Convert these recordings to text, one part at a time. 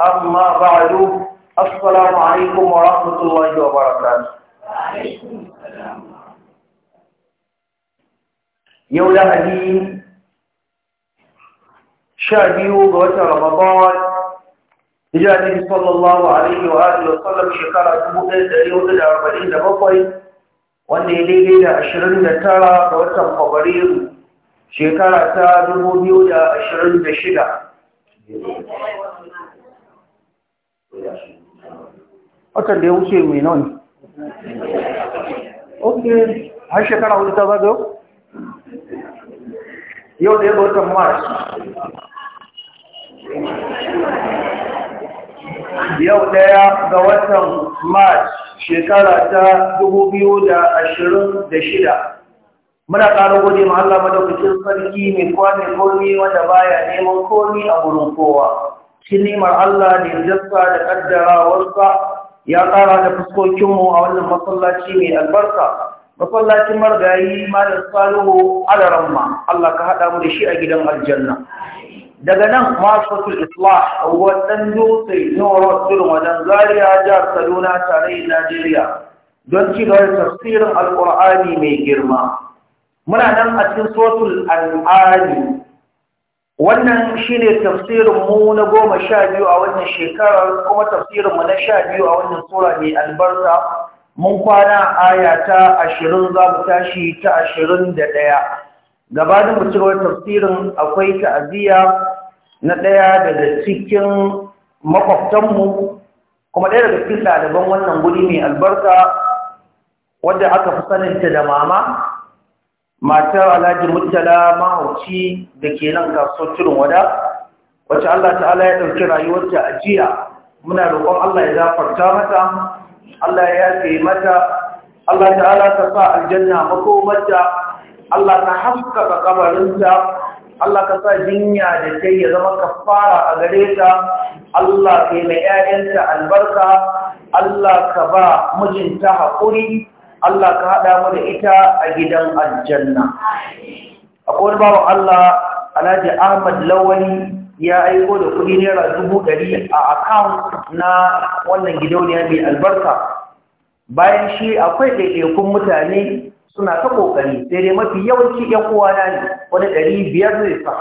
أما بعد السلام عليكم ورحمة الله وبركاته yau lahadi sha biyu ga watan ramadan hijiranin sallallahu alaihi wa alihi wa sallam shekara dubu ɗaya da yau da arba'in da bakwai wanda ya daidai da ashirin da tara ga watan fabrairu shekara ta dubu biyu da ashirin da shida watan da ya wuce mai nawa ok har shekara hudu ta zaga yau yau da ya watan mars yau daya ga watan mars shekara ta shida. muna ƙara gode ma Allah madaukakin sarki mai kwanin komi wanda baya neman komi a gurin kowa cikin nemar Allah da yarjarsa da kaddarawarsa ya ƙara da fuskokinmu a wannan masallaci mai albarka masallacin margayi malam salihu alaramma Allah ka haɗa mu da shi a gidan aljanna daga nan masu islah waɗan dutse nora turin wajen zariya jihar kaduna tarayyar najeriya don ci gaba da tafsirin alƙur'ani mai girma muna nan a cikin sotul al'ani wannan shine tafsirin mu na goma sha biyu a wannan shekarar kuma tafsirin mu na sha biyu a wannan sura mai albarka mun kwana aya ta ashirin za mu tashi ta ashirin da ɗaya gabanin mu cigaba tafsirin akwai ta'aziyya na ɗaya daga cikin makwabtanmu kuma ɗaya daga cikin ɗaliban wannan guri mai albarka wadda aka fi saninta da mama matar alhaji murtala mahauci da ke nan kasuwar turin wada wacce allah ta'ala ya ɗauki rayuwarta a jiya muna roƙon allah ya zafarta mata allah ya yafe mata allah ta'ala ta sa aljanna makomarta allah ta haskaka kabarinta allah ka sa jinya da kai ya zama kafara a gare ta allah ka yi mai 'ya'yanta albarka allah ka ba mijinta haƙuri Allah ka haɗa mu da ita a gidan aljanna A wani bawa Allah Alhaji Ahmad Lawali ya aiko da kuɗi naira dubu ɗari a akan na wannan gidauniya mai albarka bayan shi akwai ɗaiɗaikun mutane suna ta ƙoƙari sai dai mafi yawanci ‘yan uwana ne wani ɗari biyar zai sa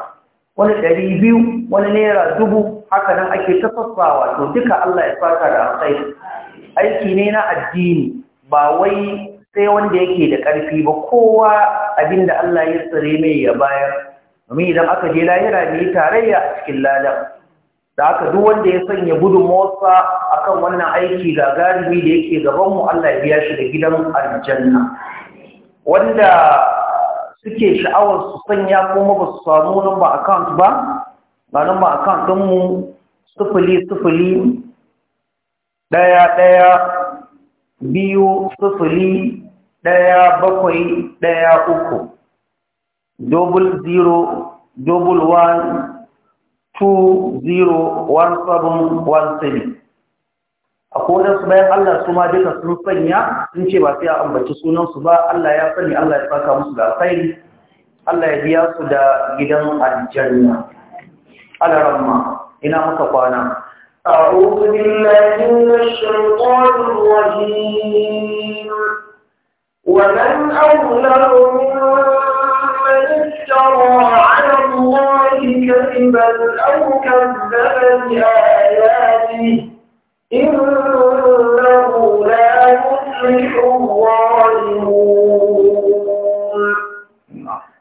wani ɗari biyu wani naira dubu haka nan ake ta sassawa to duka Allah ya fata da alkhairi aiki ne na addini ba wai sai wanda yake da ƙarfi ba kowa abinda Allah ya tsare mai ya bayar domin idan aka je lahira ne tarayya a cikin ladan da aka duk wanda ya sanya gudun a akan wannan aiki ga gagarumi da yake gaban mu, Allah ya biya shi da gidan aljanna wanda suke sha'awar su sanya kuma ba su samu ba account ba ba ba account mu sufuli sufuli ɗaya ɗaya biyu sufuli ɗaya bakwai ɗaya uku dubul zero dubul one two zero one seven one seven a kodansu bayan Allah su ma duka sun sanya sun ce ba sai a ambaci sunansu ba Allah ya sani Allah ya saka musu da alkhairi Allah ya biya su da gidan aljanna alaramma ina muka kwana أعوذ بالله من الشيطان الرجيم ومن أظلم ممن افترى على الله كذبا أو كذب بآياته إنه لا يفلح الظالمون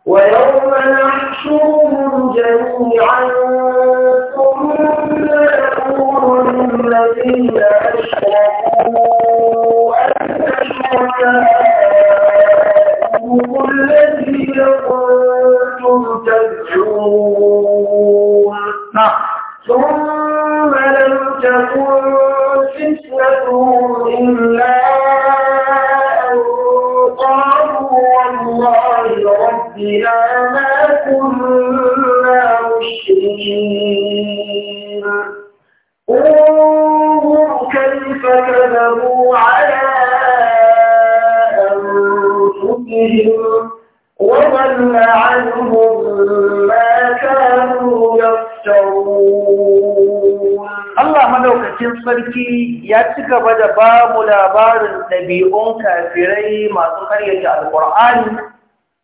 ويوم نحشرهم جميعا ثم نقول للذين أشركوا أن أشركوا ربكم الذي كنتم ترجون نعم. ثم لم تكن فتنة إلا أن قالوا والله ربنا ما كنا مشركين انظر كيف كذبوا على Allah madaukakin sarki ya ci gaba da ba mu labarin ɗabi'un kafirai masu ƙaryata alƙur'ani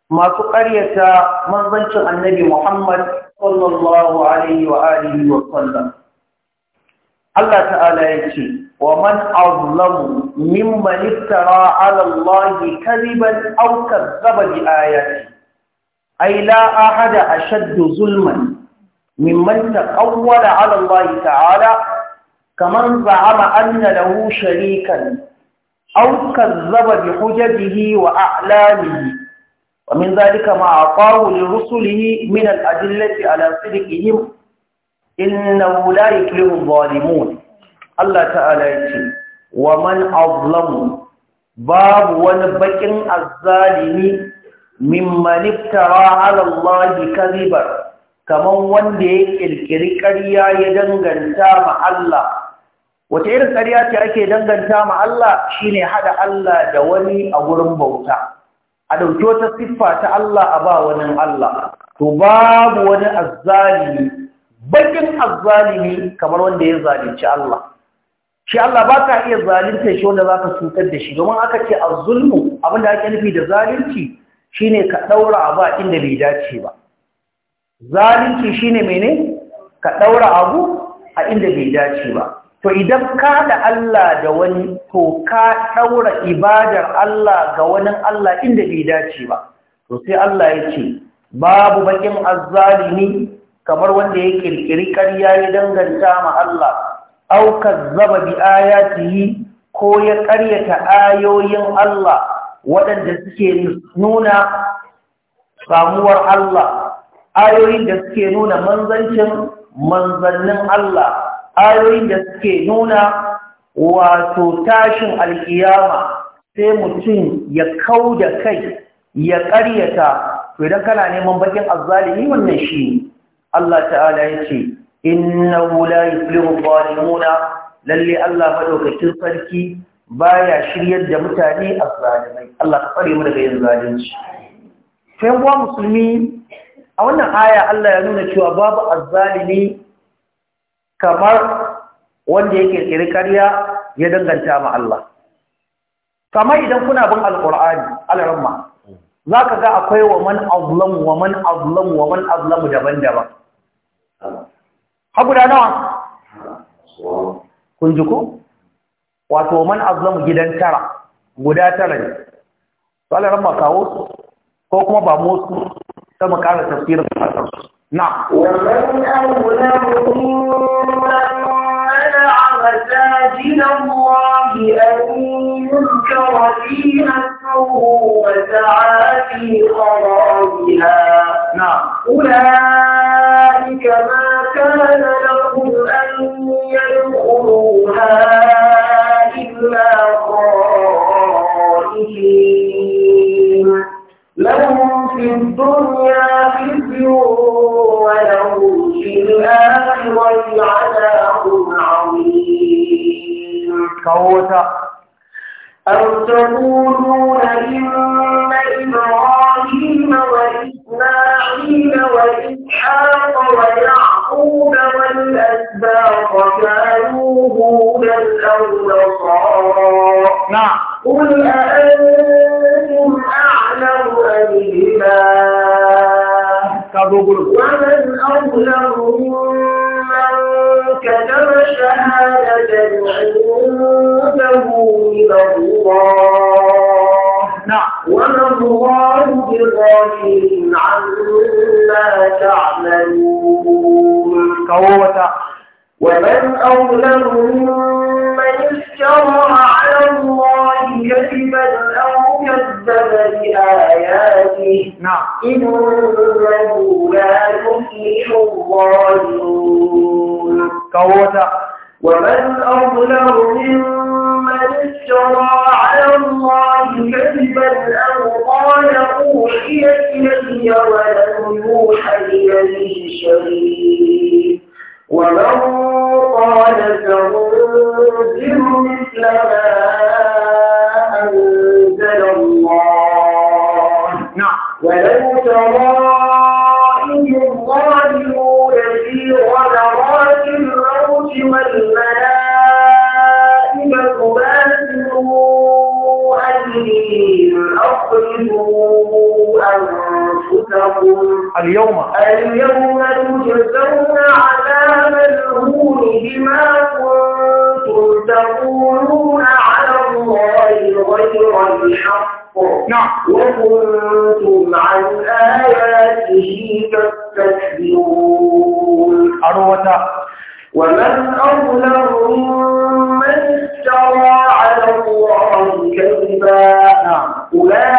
masu ƙaryata manzancin annabi Muhammad sallallahu alaihi wa alihi wa sallam Allah ta'ala ya ce wa man azlamu mimman iftara ala Allah kadiban aw kazzaba bi ayati ay la ahada ashaddu zulman mimman taqawwala ala Allah ta'ala kamar za'ama anna lahu sharikan Aukar zababi bi hujjatihi wa a'lamihi ومن ذلك ما أعطاه لرسله من الأدلة على صدقهم innahu la yuflihu zalimun Allah ta'ala ce. wa man azlamu babu wani bakin azzalimi mimman iftara ala Allah kadibar wanda ya kirkiri ƙarya ya danganta ma Allah wace irin ƙarya ce ake danganta ma Allah shine haɗa Allah da wani a gurin bauta a ɗauki wata siffa ta Allah a ba wani Allah to babu wani azzalimi bakin azzalimi kamar wanda ya zalunci Allah shi Allah ba ka iya zalunta shi wanda za ka cutar da shi domin aka ce azzulmu da ake nufi da zalunci shine ka ɗaura abu a inda bai dace ba zalunci shine mene ka ɗaura abu a inda bai dace ba to idan ka da Allah da wani ko ka ɗaura ibadar Allah ga wani Allah inda bai dace ba to sai Allah ya ce babu bakin azzalimi kamar wanda ya kirkiri ƙarya ya danganta ma Allah aukar zaba bi ayatihi ko ya ƙaryata ayoyin Allah waɗanda suke nuna samuwar Allah ayoyin da suke nuna manzancin manzannin Allah ayoyin da suke nuna wato tashin alkiyama sai mutum ya kau da kai ya ƙaryata to idan kana neman bakin azzalimi wannan shi Allah ta'ala ya ce yi la yuflihu zalimuna lalle Allah madaukakin sarki baya shiryar da mutane a zalimai Allah Ta fare mu daga yin zalunci sai musulmi a wannan aya Allah ya nuna cewa babu azzalimi kamar wanda yake kiri karya ya danganta ma Allah kamar idan kuna bin alqur'ani Za zaka ga akwai wa man azlam wa man wa man azlam daban-daban Ha guda nawa kun ji ku wato man azlamu gidan tara guda tara ne wala ramma kawo ko kuma ba motsu ta mu kara tafsirin na wannan مساجد الله أن يذكر فيها اسمه وسعى في خرابها نعم أولئك ما كان لهم أن يدخلوها إلا خائفين لهم في الدنيا خزي أو تقولون إن إبراهيم وإسماعيل وإسحاق ويعقوب والأسباط كانوا هودا أو نصارى نعم قل أأنتم أعلم أم الله ومن أظلم ممن كتب شهادة عنده له من الله نعم وما الله بغافل عما تعملون كوتا ومن أظلم ممن افترى على الله كذبا أو كذب بآياته نعم إنه لا يفلح الظالمون كوتا ومن أظلم ممن افترى على الله كذبا أو قال أوحي إلي ولم يوحى إليه شيء ومن قال تنزل مثل ما أنزل أنفسكم اليوم اليوم تجزون عذاب الهون بما كنتم تقولون على الله غير الحق نعم وكنتم عن آياته تستكبرون أروة ومن أظلم ممن افترى على الله كذبا نعم أولئك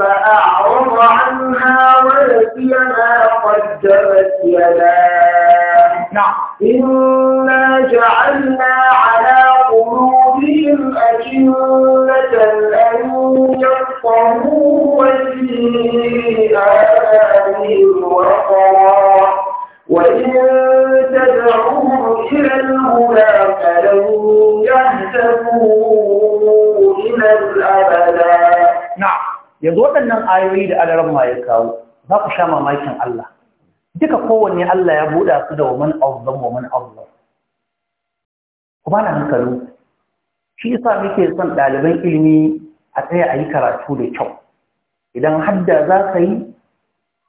فأعرض عنها ayoyi da ma ya kawo za ku sha mamakin Allah duka kowanne Allah ya buɗa su da waman auzan waman auzan Kuma na hankali shi yasa muke son ɗaliban ilimi a tsaya a yi karatu da kyau idan hadda za ka yi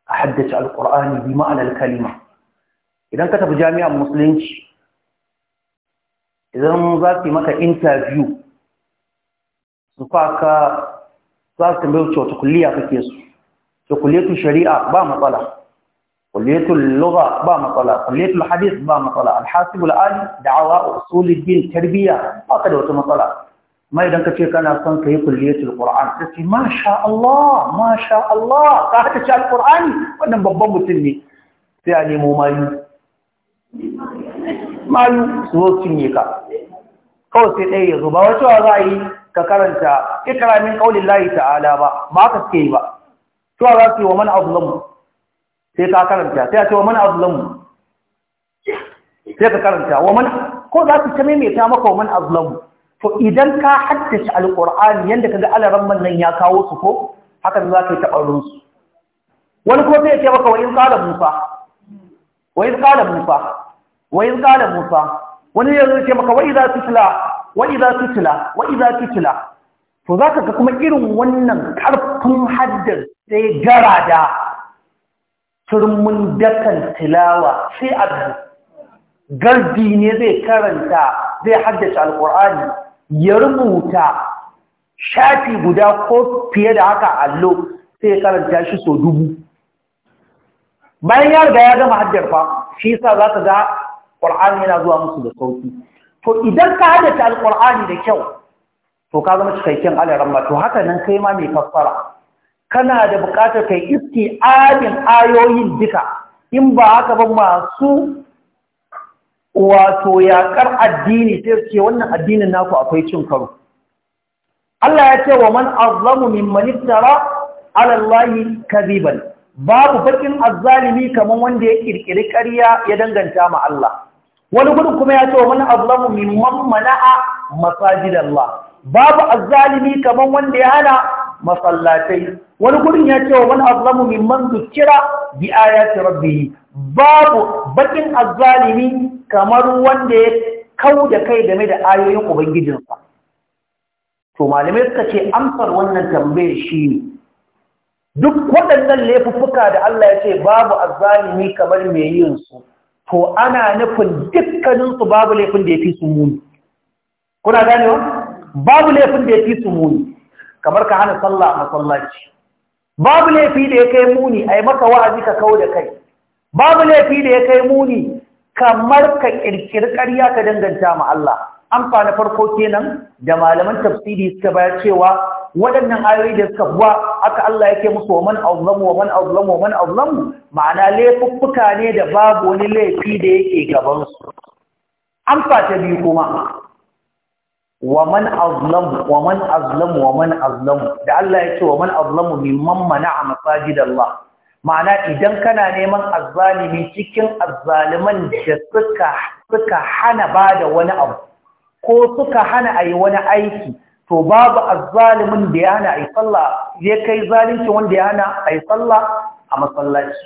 a haddace alƙur'ani bi ma'anar kalima idan ka tafi jami'an musulunci idan za su yi maka intabiyu su faka za su tambaye wata kulliya kake su to kulliyatul shari'a ba matsala kulliyatul lugha ba matsala kulliyatul hadith ba matsala alhasib alali da'awa usuluddin tarbiyya ba ka da wata matsala mai ka ce kana son ka yi kulliyatul qur'an sai ce ma sha Allah ma sha Allah ka hada shi alqur'ani wannan babban mutum ne sai a nemo mayu mayu su zo cinye ka kawai sai ɗaya ya zo ba wata za a yi ka karanta ikra min qaulin lahi ta'ala ba ba ka suke yi ba to za su yi wa man azlamu sai ka karanta sai a ce wa man azlamu sai ka karanta wa man ko za su ta maimaita maka wa man azlamu to idan ka haddace alqur'ani yanda kaga alaran man nan ya kawo su ko haka za ka yi tabarin su wani ko sai ya ce maka wa in qala musa wa in qala musa wa in qala musa wani yanzu ce maka wa idza tutla wa'iza idza wa'iza wa idza to zaka ga kuma irin wannan karfin haddar sai gara da turmin dakan tilawa sai abu gardi ne zai karanta zai haddace alqur'ani ya rubuta shafi guda ko fiye da haka allo sai karanta shi so dubu bayan ya ya gama haddar fa shi za zaka ga ƙur'ani yana zuwa musu da sauki to idan ka hadata alqur'ani da kyau to ka zama cikakken alaramma to haka nan kai ma mai fassara kana da buƙatar kai iski adin ayoyin duka in ba haka ba masu wato yaƙar addini sai ce wannan addinin naku akwai cin karo Allah ya ce wa man azlamu mimman iftara ala Allah kadiban babu bakin azzalimi kaman wanda ya kirkiri ƙarya ya danganta ma Allah wani gudun kuma ya ce wa wani azlamu mimman mana'a masajid Allah babu azzalimi kaman wanda ya hana masallatai wani gudun ya ce wa wani azlamu mimman zukira bi ayati rabbih babu bakin azzalimi kamar wanda ya kau da kai game da ayoyin ubangijinsa to malamai suka ce amsar wannan tambayar shi duk waɗannan laifuffuka da Allah ya ce babu azzalimi kamar mai yin su to ana nufin dukkaninsu babu laifin da ya fi su muni kuna ganewa babu laifin da ya fi su muni kamar ka hana sallah a masallaci babu laifi da ya kai muni a yi maka wa'azi ka kawo da kai babu laifi da ya kai muni kamar ka ƙirƙiri ƙarya ka danganta ma Allah amfa na farko kenan da malaman tafsiri suka bayar cewa waɗannan ayoyi da suka buwa aka Allah yake musu wa man azlamu wa man azlamu wa man azlamu ma'ana laifuffuka ne da babu wani laifi da yake gaban su amfa ta biyu kuma wa man azlamu wa man azlamu wa man azlamu da Allah yake wa man azlamu mimman mana'a masajidallah ma'ana idan kana neman azzalimi cikin azzaliman da suka suka hana bada wani abu ko suka hana a yi wani aiki to babu azzalimin da ya hana a yi sallah zai kai zalunci wanda ya hana a yi sallah a masallaci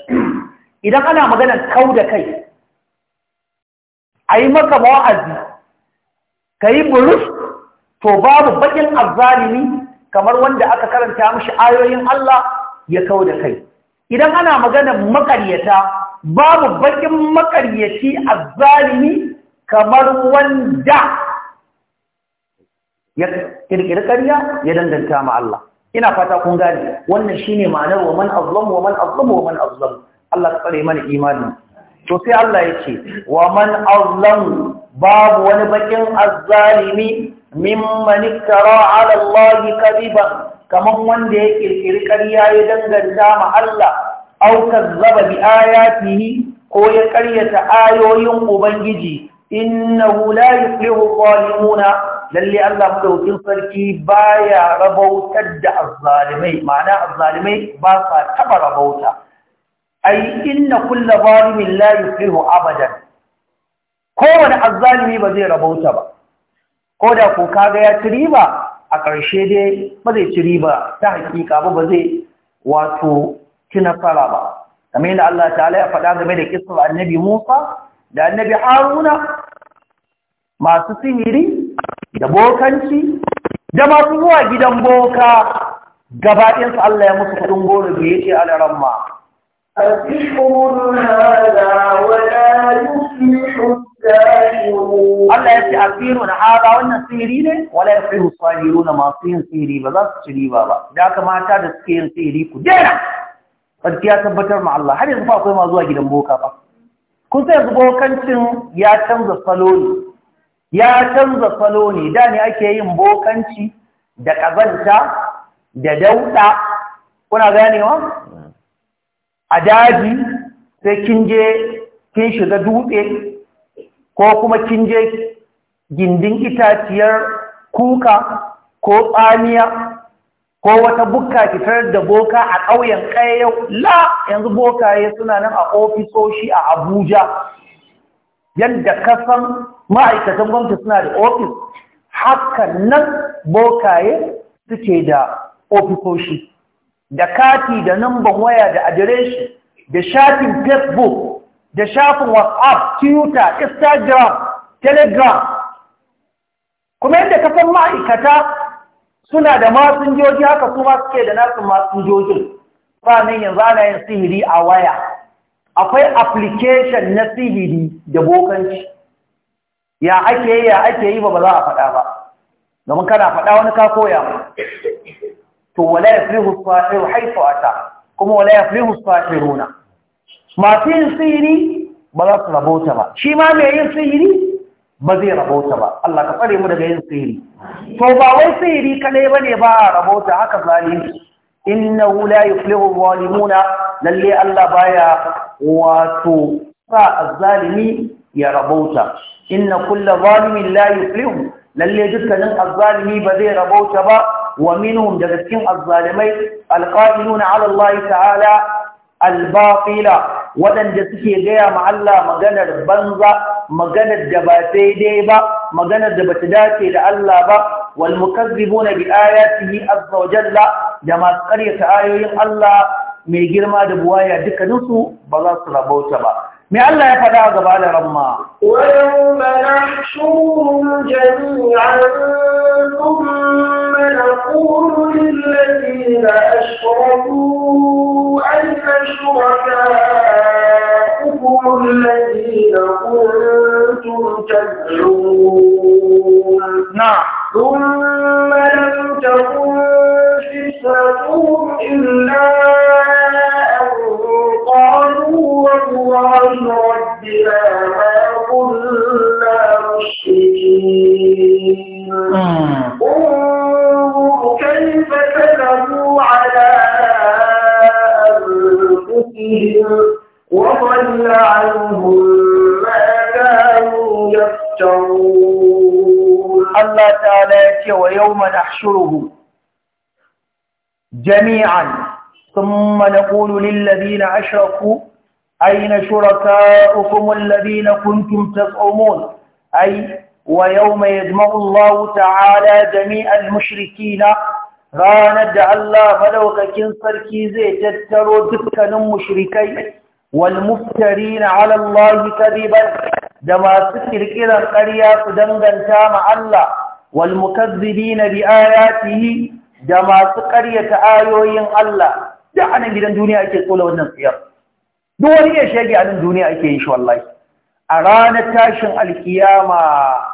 idan ana maganar kau da kai a yi maka ma'azi ka yi burus to babu bakin azzalimi kamar wanda aka karanta mashi ayoyin Allah ya kau da kai idan ana maganar makaryata babu bakin makaryaci azzalimi kamar wanda ya kirkiri karya ya danganta ma Allah ina fata kun gane wannan shine ma'anar wa man azlam wa man azlam wa man azlam Allah ya tsare mana imani to sai Allah ya ce wa man azlam babu wani bakin azzalimi mimman iftara ala Allah kadiba kaman wanda ya kirkiri karya ya danganta ma Allah aw kazzaba bi ayatihi ko ya karyata ayoyin ubangiji innahu la yuflihu zalimuna lalle Allah madaukin sarki baya rabautar da azzalimai ma'ana azzalimai ba sa taba rabauta ai inna kullu zalimin la yuflihu abadan kowane azzalimi ba zai rabauta ba ko da ko kaga ya ci riba a ƙarshe dai ba zai ci riba ta hakika ba ba zai wato ci nasara ba kamar yadda Allah ta'ala ya faɗa game da kisar annabi Musa da annabi Haruna masu sihiri da bokanci da masu zuwa gidan boka gabaɗinsu Allah ya musu kuɗin goro da yake a a ramma. Allah ya ce asiru na haɗa wannan sihiri ne wala ya fi hussariru na masu yin tsiri ba za su ci riba ba da aka mata da suke yin sihiri ku dena sarki ya tabbatar ma Allah har yanzu ba akwai ma zuwa gidan boka ba kun sai yanzu bokancin ya canza salo ya canza salo ne da ne ake yin bokanci da ƙazanta da dauɗa kuna ganewa a daji sai kin je kin shiga dutse ko kuma kin je gindin itaciyar kuka ko tsamiya ko wata bukka fitar da boka a ƙauyen ƙayyau la yanzu bokaye suna nan a ofisoshi a abuja yadda kasan ma'aikatan gwamnati suna da ofis hakan nan bokaye suke da ofisoshi da kati da numban waya da adireshi da shafin facebook da shafin whatsapp twitter instagram telegram kuma yadda kasan ma'aikata suna da joji, haka kuma suke da nasu masinjojin sannan yanzu ana yin sihiri a waya akwai application na sihiri da bokanci ya ake yi ya ake yi ba ba za a faɗa ba domin kana faɗa wani ka koya ba to wala yaflihu sahiru haifu ata kuma wala yaflihu sahiruna masu yin sihiri ba za su rabota ba shi ma mai yin sihiri ba zai rabota ba Allah ka tsare mu daga yin sihiri to ba wai sihiri kadai bane ba a rabota haka zalimi innahu la yuflihu zalimuna lalle Allah baya wato sa zalimi. ya rabauta inna kulla zalimin la yuflihu lalle dukkanin azzalimi ba zai rabauta ba wa minhum daga cikin azzalimai alqailuna ala Allah ta'ala albatila waɗanda suke gaya ma Allah maganar banza maganar da ba daidai ba maganar da bata dace da Allah ba wal mukazzibuna bi ayatihi azza wa jalla da masu ƙaryata ayoyin Allah mai girma da buwaya dukkaninsu ba za su rabauta ba مي الله يفدا غبا له ويوم نحشرهم جميعا ثم نقول للذين اشركوا اين شركاءكم الذين كنتم تدعون نعم ثم لم تكن فتنه ونحشره جميعا ثم نقول للذين أشركوا أين شركاؤكم الذين كنتم تزعمون أي ويوم يجمع الله تعالى جميع المشركين ranar da Allah madaukakin sarki zai tattaro dukkanin mushrikai wal muftarina ala Allah kadiban da masu ƙirƙirar ƙarya su danganta ma Allah wal mukazzibina bi ayatihi da masu ƙaryata ayoyin Allah duk anan gidan duniya ake tsola wannan tsiyar duk wani ya shege a duniya ake yin shi wallahi a ranar tashin alkiyama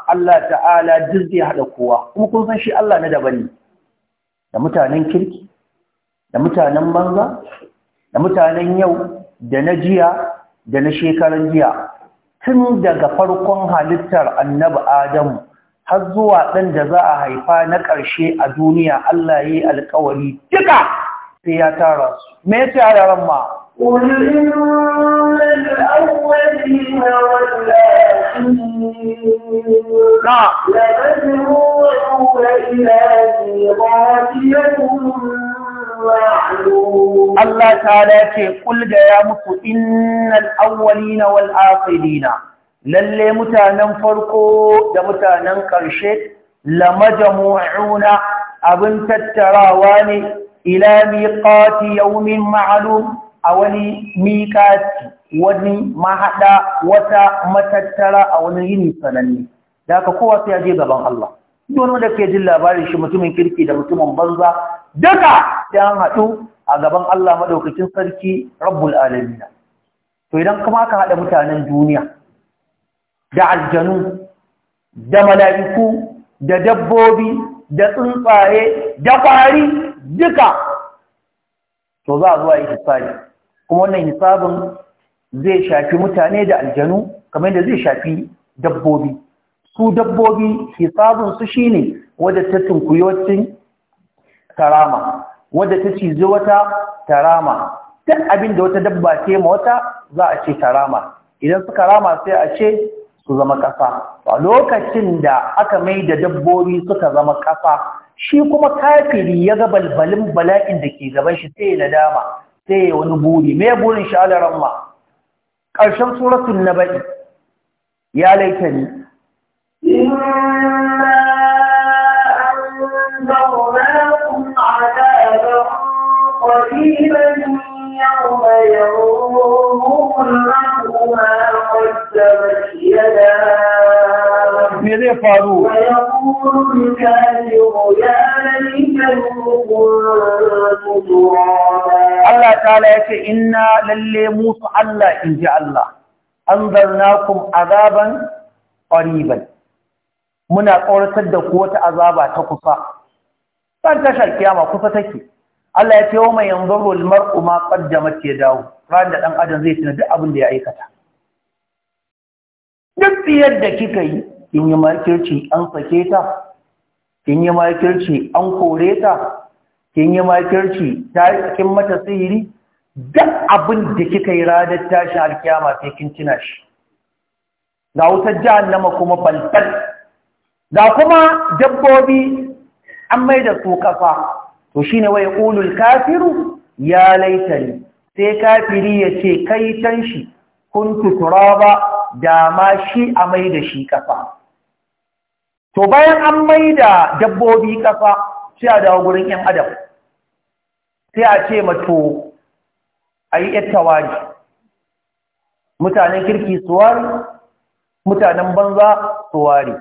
Allah ta'ala duk zai haɗa kowa kuma kun san shi Allah na daban ne da mutanen kirki da mutanen banza da mutanen yau da na jiya da na shekaran jiya tun daga farkon halittar annabi Adamu har zuwa dan da za a haifa na ƙarshe a duniya Allah yi alƙawari duka sai ya tara su me yace a yaran ma Allah ta dace kulga ya muku innal awwalina wal akhirina lalle mutanen farko da mutanen ƙarshe lamajamu'una abin tattarawa ne ila miqati yawmin ma'lum a wani miqati wani mahaɗa wata matattara a wani yini sananne da haka kowa sai je gaban Allah duk wanda ke jin labarin shi mutumin kirki da mutumin banza duka sai an haɗu a gaban Allah maɗaukacin sarki rabbul alamin to idan kuma aka haɗa mutanen duniya da aljanu da mala'iku da dabbobi da tsuntsaye da kwari duka to za a zuwa yi hisabi kuma wannan hisabin zai shafi mutane da aljanu kamar yadda zai shafi dabbobi su dabbobi hisabin su shine wadda ta tunkuyocin tarama wadda ta cizi wata tarama duk abin da wata dabba ce ma wata za a ce tarama idan suka rama sai a ce su zama ƙasa a lokacin da aka mai da dabbobi suka zama ƙasa shi kuma kafiri ya ga balbalin bala'in da ke gaban shi sai ya nadama sai ya wani buri me burin shi ala ramma ƙarshen suratun na baɗi ya laita ni قريبا يوم يروم الرحمن قدمت يداه ماذا يفعلوا ويقول الكافر يا ليتني كنت ترابا الله تعالى يقول إنا للي موسى الله إن جاء الله أنذرناكم عذابا قريبا muna ƙoratar da ku wata azaba ta kusa san tashar kiyama kusa take Allah ya ce wa mai yanzu mar'u ma qaddamat ya dawo ran da dan adam zai tuna duk abin da ya aikata duk da kika yi kin yi makirci an sake ta kin yi makirci an kore ta kin yi makirci ta kin mata sihiri duk abin da kika yi ranar tashi alkiyama sai kin tuna shi ga wutar jahannama kuma falfal ga kuma dabbobi an mai da su kafa to shi ne wai ulul kafiru ya laitani sai kafiri ya ce kai can shi kuntu turaba da ma shi a mai da shi ƙasa. To bayan an mai da dabbobi ƙasa sai a dawo gurin ‘yan adam, sai a ce mato a yi ‘yattawari, mutanen kirki suwari, mutanen banza suwari.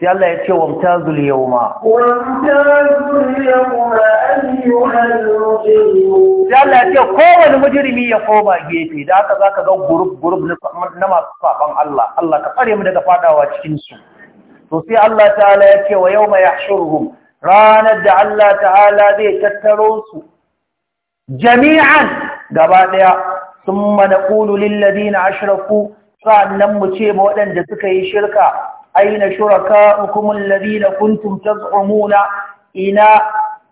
sai Allah ya ce wamta zuliyau ma. mta zuliyau ma ayyuhal mujrimun sai Allah ya ce kowane ya koma gefe da haka zaka ga gurub gurub na masu saban Allah Allah ka tsare mu daga fadawa cikin su to sai Allah ta'ala ya ce wa yawma yahshuruhum ranar da Allah ta'ala zai tattaro su jami'an gaba daya thumma naqulu lil ladina ashraku sa'annan mu ce ma waɗanda suka yi shirka aina shurakaukum alladhina kuntum taz'umuna ina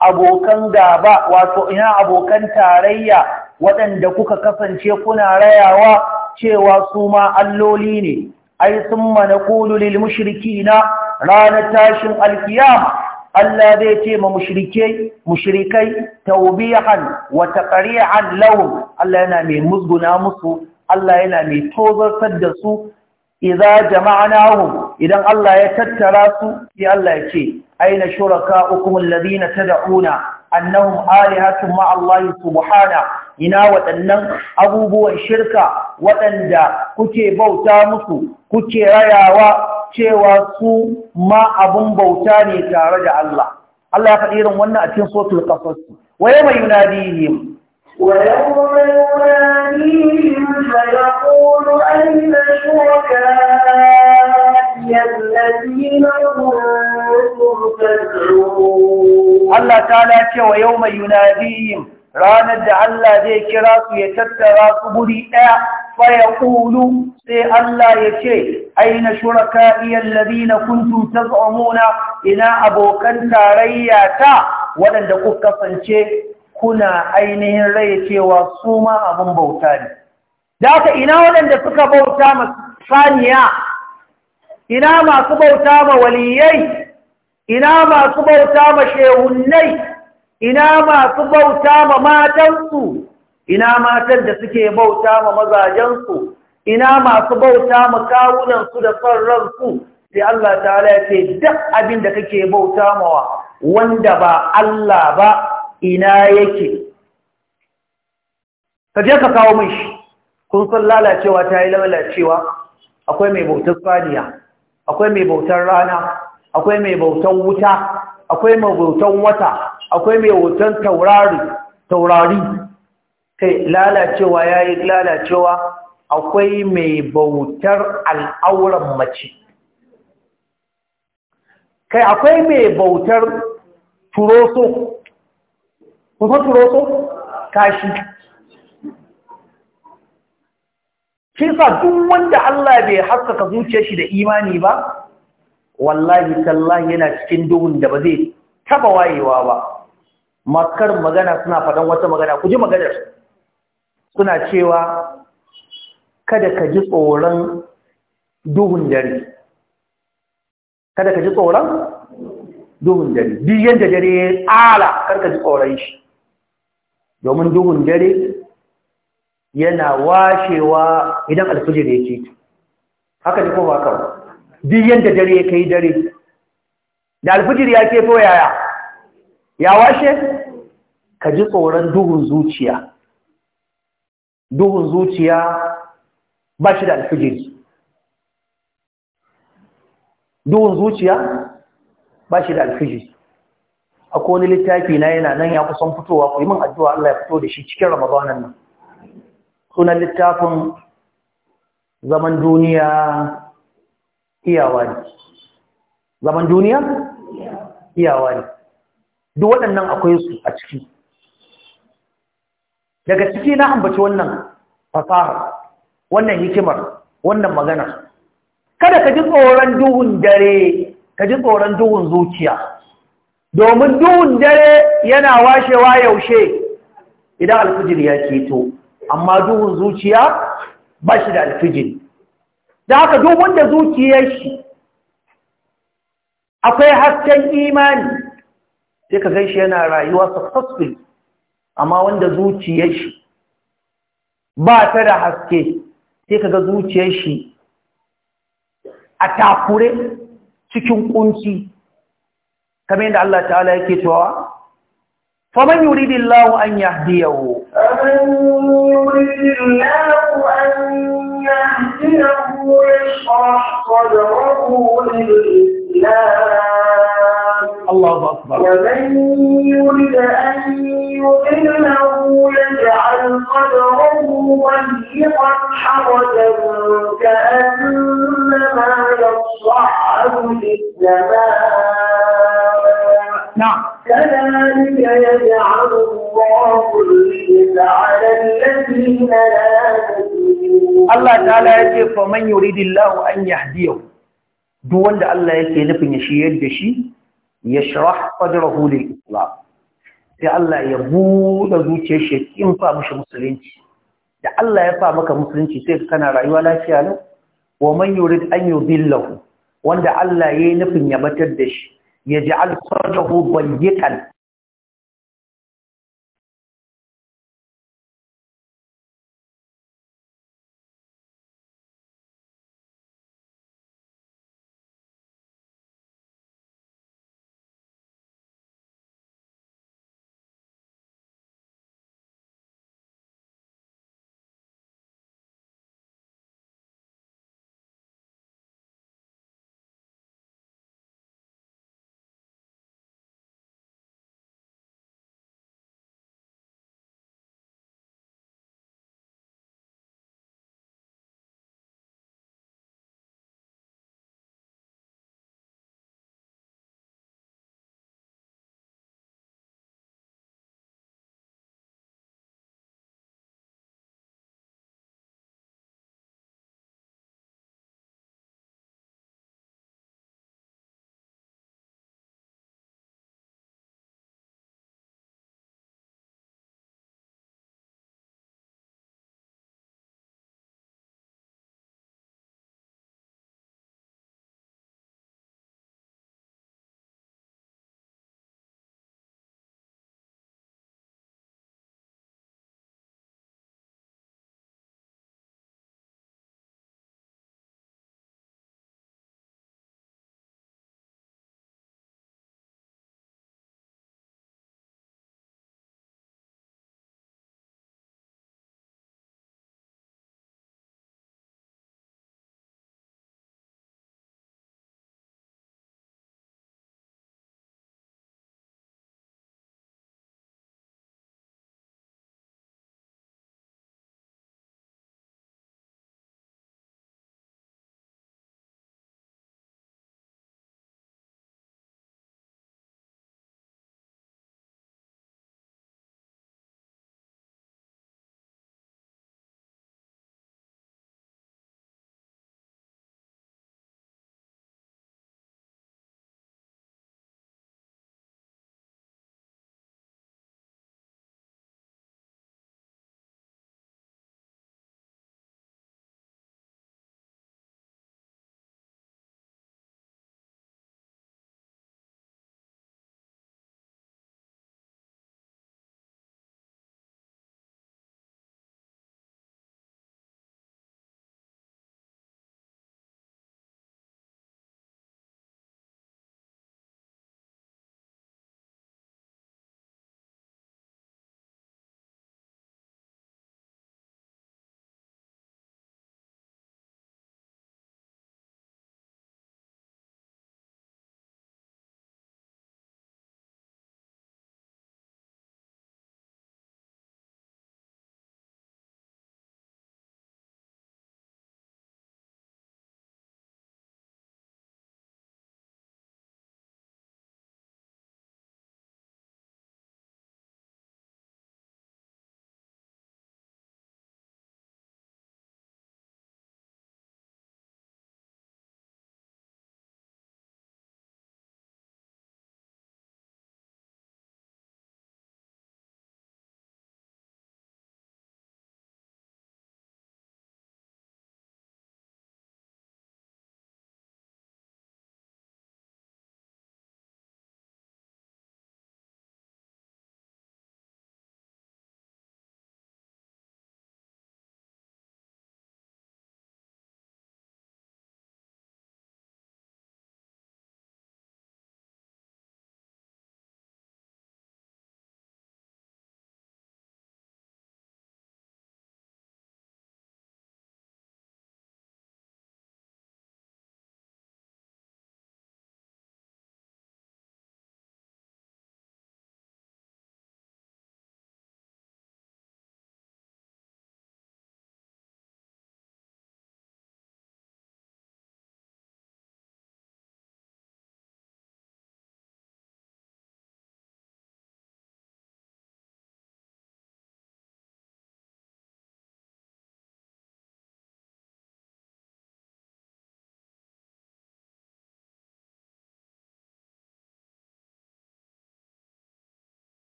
abokan gaba wato ina abokan tarayya waɗanda kuka kasance kuna rayawa cewa su ma alloli ne ai sun mana kulu lil mushrikina ranar tashin alkiyama Allah zai ce ma mushrikai mushrikai taubihan wa taqri'an lahum Allah yana mai musguna musu Allah yana mai tozartar da su Iza idza jama'nahum idan Allah ya tattara su sai Allah ya ce aina shurakaukum alladhina tad'una annahum alihatun ma Allah subhana ina waɗannan abubuwan shirka waɗanda kuke bauta musu kuke rayawa cewa su ma abun bauta ne tare da Allah Allah ya faɗi irin wannan a cikin suratul qasas wa yawma yunadihim ويوم يناديهم فيقول أين شركائي الذين كنتم تدعون الله تعالى ويوم يناديهم ranar da Allah zai kira su ya tattara su guri ɗaya faya ƙulu sai Allah ya ce aina shuraka iya lalina kuntum ta ina abokan tarayya ta waɗanda ku kasance kuna ainihin rai cewa su ma abin bauta ne da haka ina waɗanda suka bauta ma saniya ina masu bauta ma waliyai ina masu bauta ma shehunnai ina masu bauta ma matansu ina matan da suke bauta ma mazajensu ina masu bauta ma kawunansu da son sai Allah ta halaye ce duk abin da kake bauta mawa wanda ba Allah ba ina yake ka je ka kawo min shi kun san lalacewa ta yi lalacewa akwai mai bautar saniya akwai mai bautar rana akwai mai bautar wuta akwai mai bautar wata akwai mai bautar taurari taurari kai lalacewa ya yi lalacewa akwai mai bautar al'auran mace kai akwai mai bautar turoso kashi sa duk wanda Allah bai haskaka zuciyar shi da imani ba wallahi tallahi yana cikin duhun da ba zai taba wayewa ba makar magana suna faɗan wata magana ku ji maganar suna cewa kada ka ji tsoron duhun dare kada ka ji tsoron duhun dare duk yadda dare ya tsala karka ji tsoron shi domin duhun dare yana washewa idan alfijir ya ce haka ne ko ba ka duk yanda dare ya kai dare da alfijir ya ke to yaya ya washe ka ji tsoron duhun zuciya duhun zuciya ba shi da alfijir. duhun zuciya ba shi da alfijiri akwai wani littafi na yana nan ya kusan fitowa ku yi min addu'a Allah ya fito da shi cikin ramadanan nan sunan littafin zaman duniya iyawa ne zaman duniya iyawa ne duk waɗannan akwai su a ciki daga ciki na ambaci wannan fasahar wannan hikimar wannan magana kada ka ji tsoron duhun dare ka ji tsoron duhun zuciya domin duhun dare yana washewa yaushe idan alfijir ya keto amma duhun zuciya ba shi da alfijir da haka duhun wanda zuciya shi akwai hasken imani sai ka shi yana rayuwa successful amma wanda zuciya shi ba ta da haske sai ka ga zuciya shi a takure cikin kunci kamar yadda Allah ta'ala yake cewa faman yuridillahu an yahdiyahu faman yuridillahu an yahdiyahu yashrah sadrahu lil-islam Allahu akbar wa man yurid an yudillahu yaj'al sadrahu dayyiqan harajan ka'annama yas'adu fis-samaa نعم كذلك يجعل الله الرجس على الذين لا يؤمنون الله تعالى يقول فمن يريد الله أن يهديه duk wanda Allah yake nufin ya shiyar da shi ya shirah qadrahu lil islam sai Allah ya buɗe zuciyar shi in fa mushi musulunci da Allah ya fa maka musulunci sai kana rayuwa lafiya lau wa man yurid an yudillahu wanda Allah yayi nufin ya batar da shi يجعل صدره ضيقا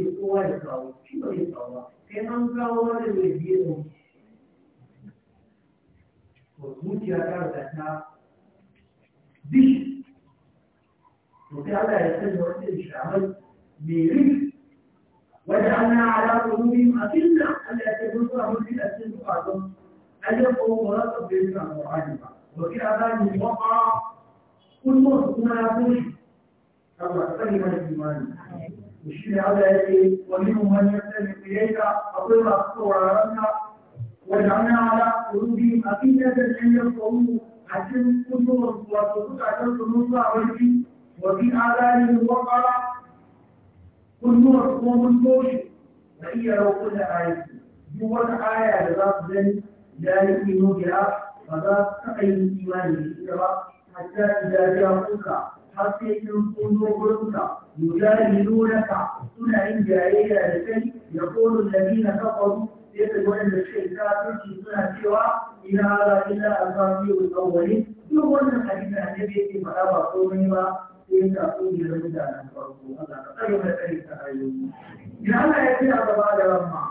其实国外的高，中国也高了，给他们高了这个业务。我估计啊，这样大家，你，我现在生活是全部米粒。وجعلنا على قلوبهم أكلنا ألا تكونوا في أسنتكم أن يقوموا ولقد بهم القرآن وفي آذانهم وقع كل مرة ما يقول كما فهم الإيمان shi Allah yake wani mun yadda ne ka akwai masu sauraron ka waj'alna ala qulubihim aqidatan an yafqahu hakin kudurin wato zukatan su mun sa barci wa fi adanihim waqara kudurin kuma mun toshe da iya rauƙun da ayati duk wata aya da za su gani ya yi ino gira ba za su taɓa yin imani da ita ba hatta idan ya kuka har sai in kun zo gurinka يجادلونك suna yin jayayya da kai ya kodin da ni na kafaru sai ka wanda suke kafirci suna cewa ina ala illa alfahiyul awwali duk wannan hadisi da annabi yake faɗa ba komai ba sai ka so ne da mutanen farko ka tsare da tsare ta ya da ramma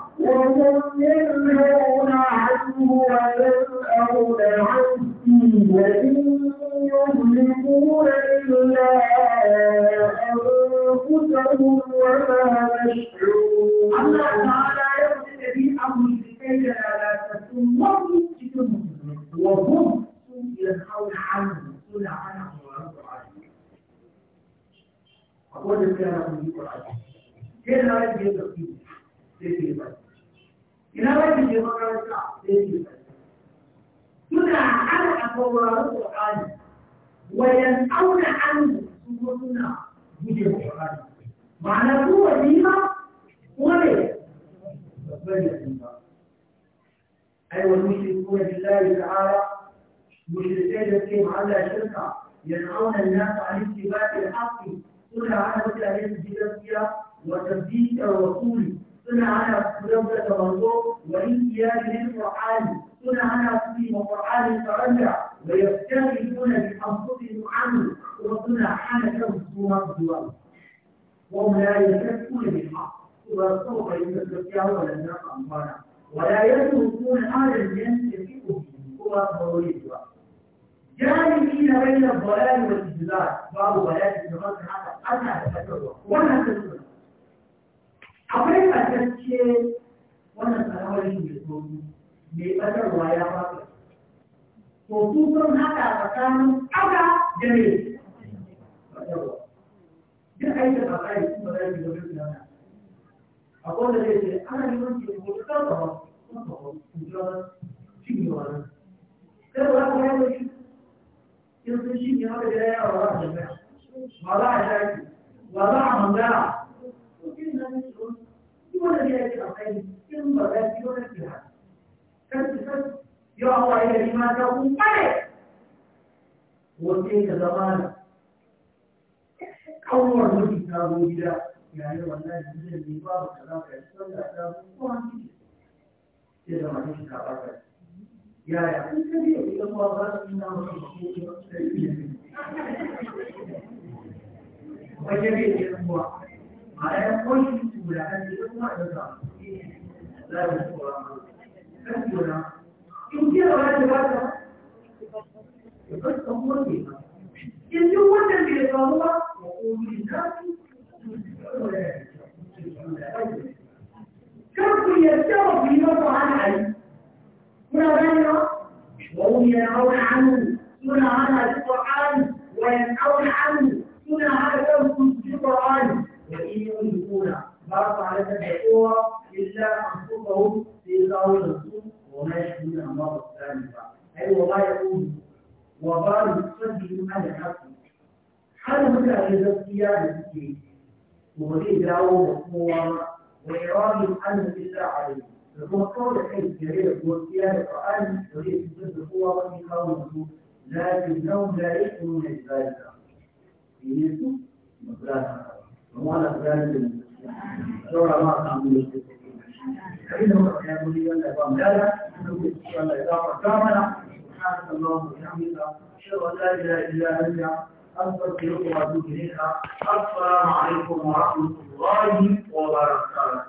لا يشكون بالحق وسوف يستطيعون ان يقع ولا يتركون على الجنس فيهم هو ضروريها جانبين بين الضلال والإجلال بعض ضلال الزمان هذا أنا أتكلم وأنا أتكلم أبين أتكلم وأنا أتكلم بالكون بأثر ويا فاطمة وخصوصا هذا مكان أبا جميل duk aikin a kai kuma da yake gobe da akwai da zai ce ana neman ke kuma ta kawo kuma ta kawo kuma cinyewa nan sai ba ka yi da shi in sun shi ne haka da yawa ba a jami'a ba za a shaki ba za a mangara to shi ne nan shi shi wanda zai yake a kai in ba za ki wani ki ha kan ki san yau an waye da shi mata kun kare wanda ya zama kanwar mutum ta zo gida ya yi wannan jiya ne babu ta za yi sallah ta zo ko an ci ya zama ta shi kaɓa ka yaya kun ka biya ita kuwa ba su nuna wani mako ba su da iya ne ta biya ita kuwa a ɗaya kwanci su da an ita kuma a ɗaga za ta kuwa kan kuwa in kira ba ta ba ta ba ta kuwa ne ba in duk wannan bai faru ba wa ƙoli na kar ku yarda wa ku yi masa hana a yi muna gani ba wa wani ya auna hannu suna hana shi ƙwa'ani wa ya auna hannu suna hana kan su shi ƙwa'ani wa iya yi kuna ba su hana ta da kowa illa an kuka hu sai kawo da su wa mai shi ne amma ba su gani ba ai wa ba ya ƙoli وبار الصدق على حقه har mutane gaskiya da suke gobe zai dawo da kowa wa iradin annabi da alai da kuma kawo da kai tare da gaskiya da qur'ani da zai fitar da kowa wani kawo da su lakin nau da yake nuna zalika ne su magana amma da gani da saura ma samu da su kai da mu da mu da ba mu da Allah ya gafarta mana سبحانك اللهم وبحمدك اشهد ان لا اله الا انت استغفرك واتوب اليك السلام عليكم ورحمه الله وبركاته